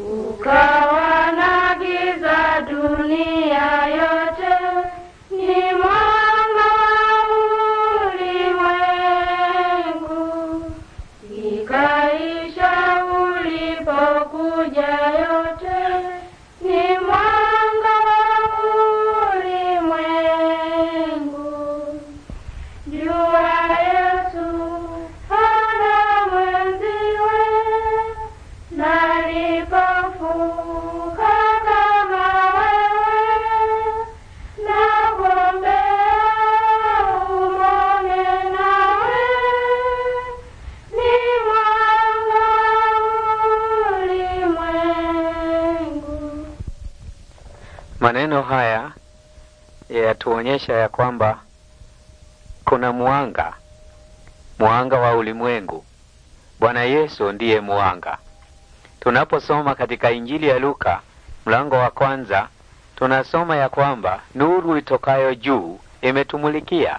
O Maneno haya yatuonyesha ya kwamba kuna mwanga, mwanga wa ulimwengu. Bwana Yesu ndiye mwanga. Tunaposoma katika Injili ya Luka mlango wa kwanza, tunasoma ya kwamba nuru itokayo juu imetumulikia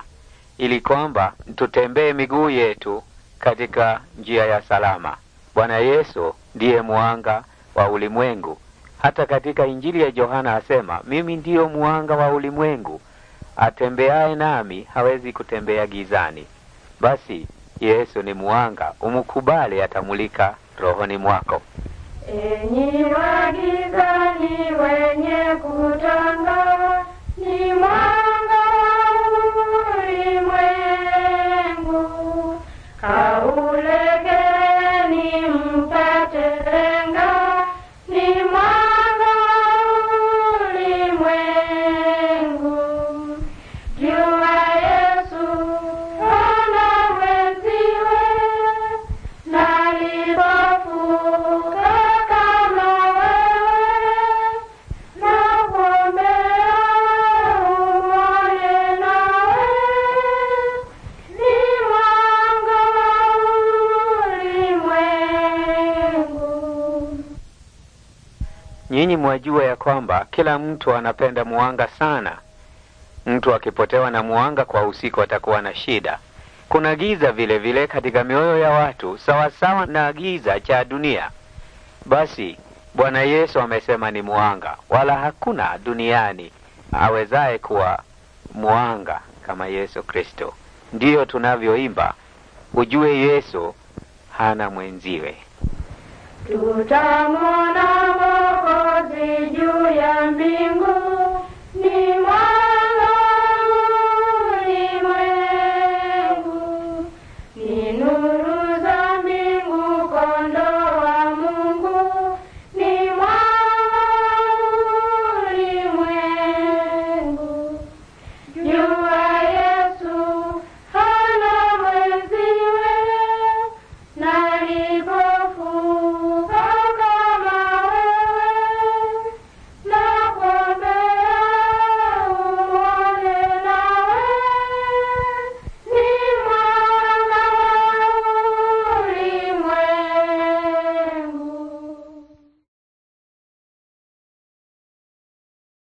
ili kwamba tutembee miguu yetu katika njia ya salama. Bwana Yesu ndiye mwanga wa ulimwengu. Hata katika Injili ya Yohana asema, mimi ndiyo mwanga wa ulimwengu, atembeaye nami hawezi kutembea gizani. Basi Yesu ni mwanga, umkubali, atamulika rohoni mwako. Enyi wa gizani wewe. Nyinyi mwajua ya kwamba kila mtu anapenda mwanga sana. Mtu akipotewa na mwanga kwa usiku atakuwa na shida. Kuna giza vile vile katika mioyo ya watu sawasawa na giza cha dunia. Basi Bwana Yesu amesema ni mwanga, wala hakuna duniani awezaye kuwa mwanga kama Yesu Kristo. Ndiyo tunavyoimba, ujue Yesu hana mwenziwe. Tutamwona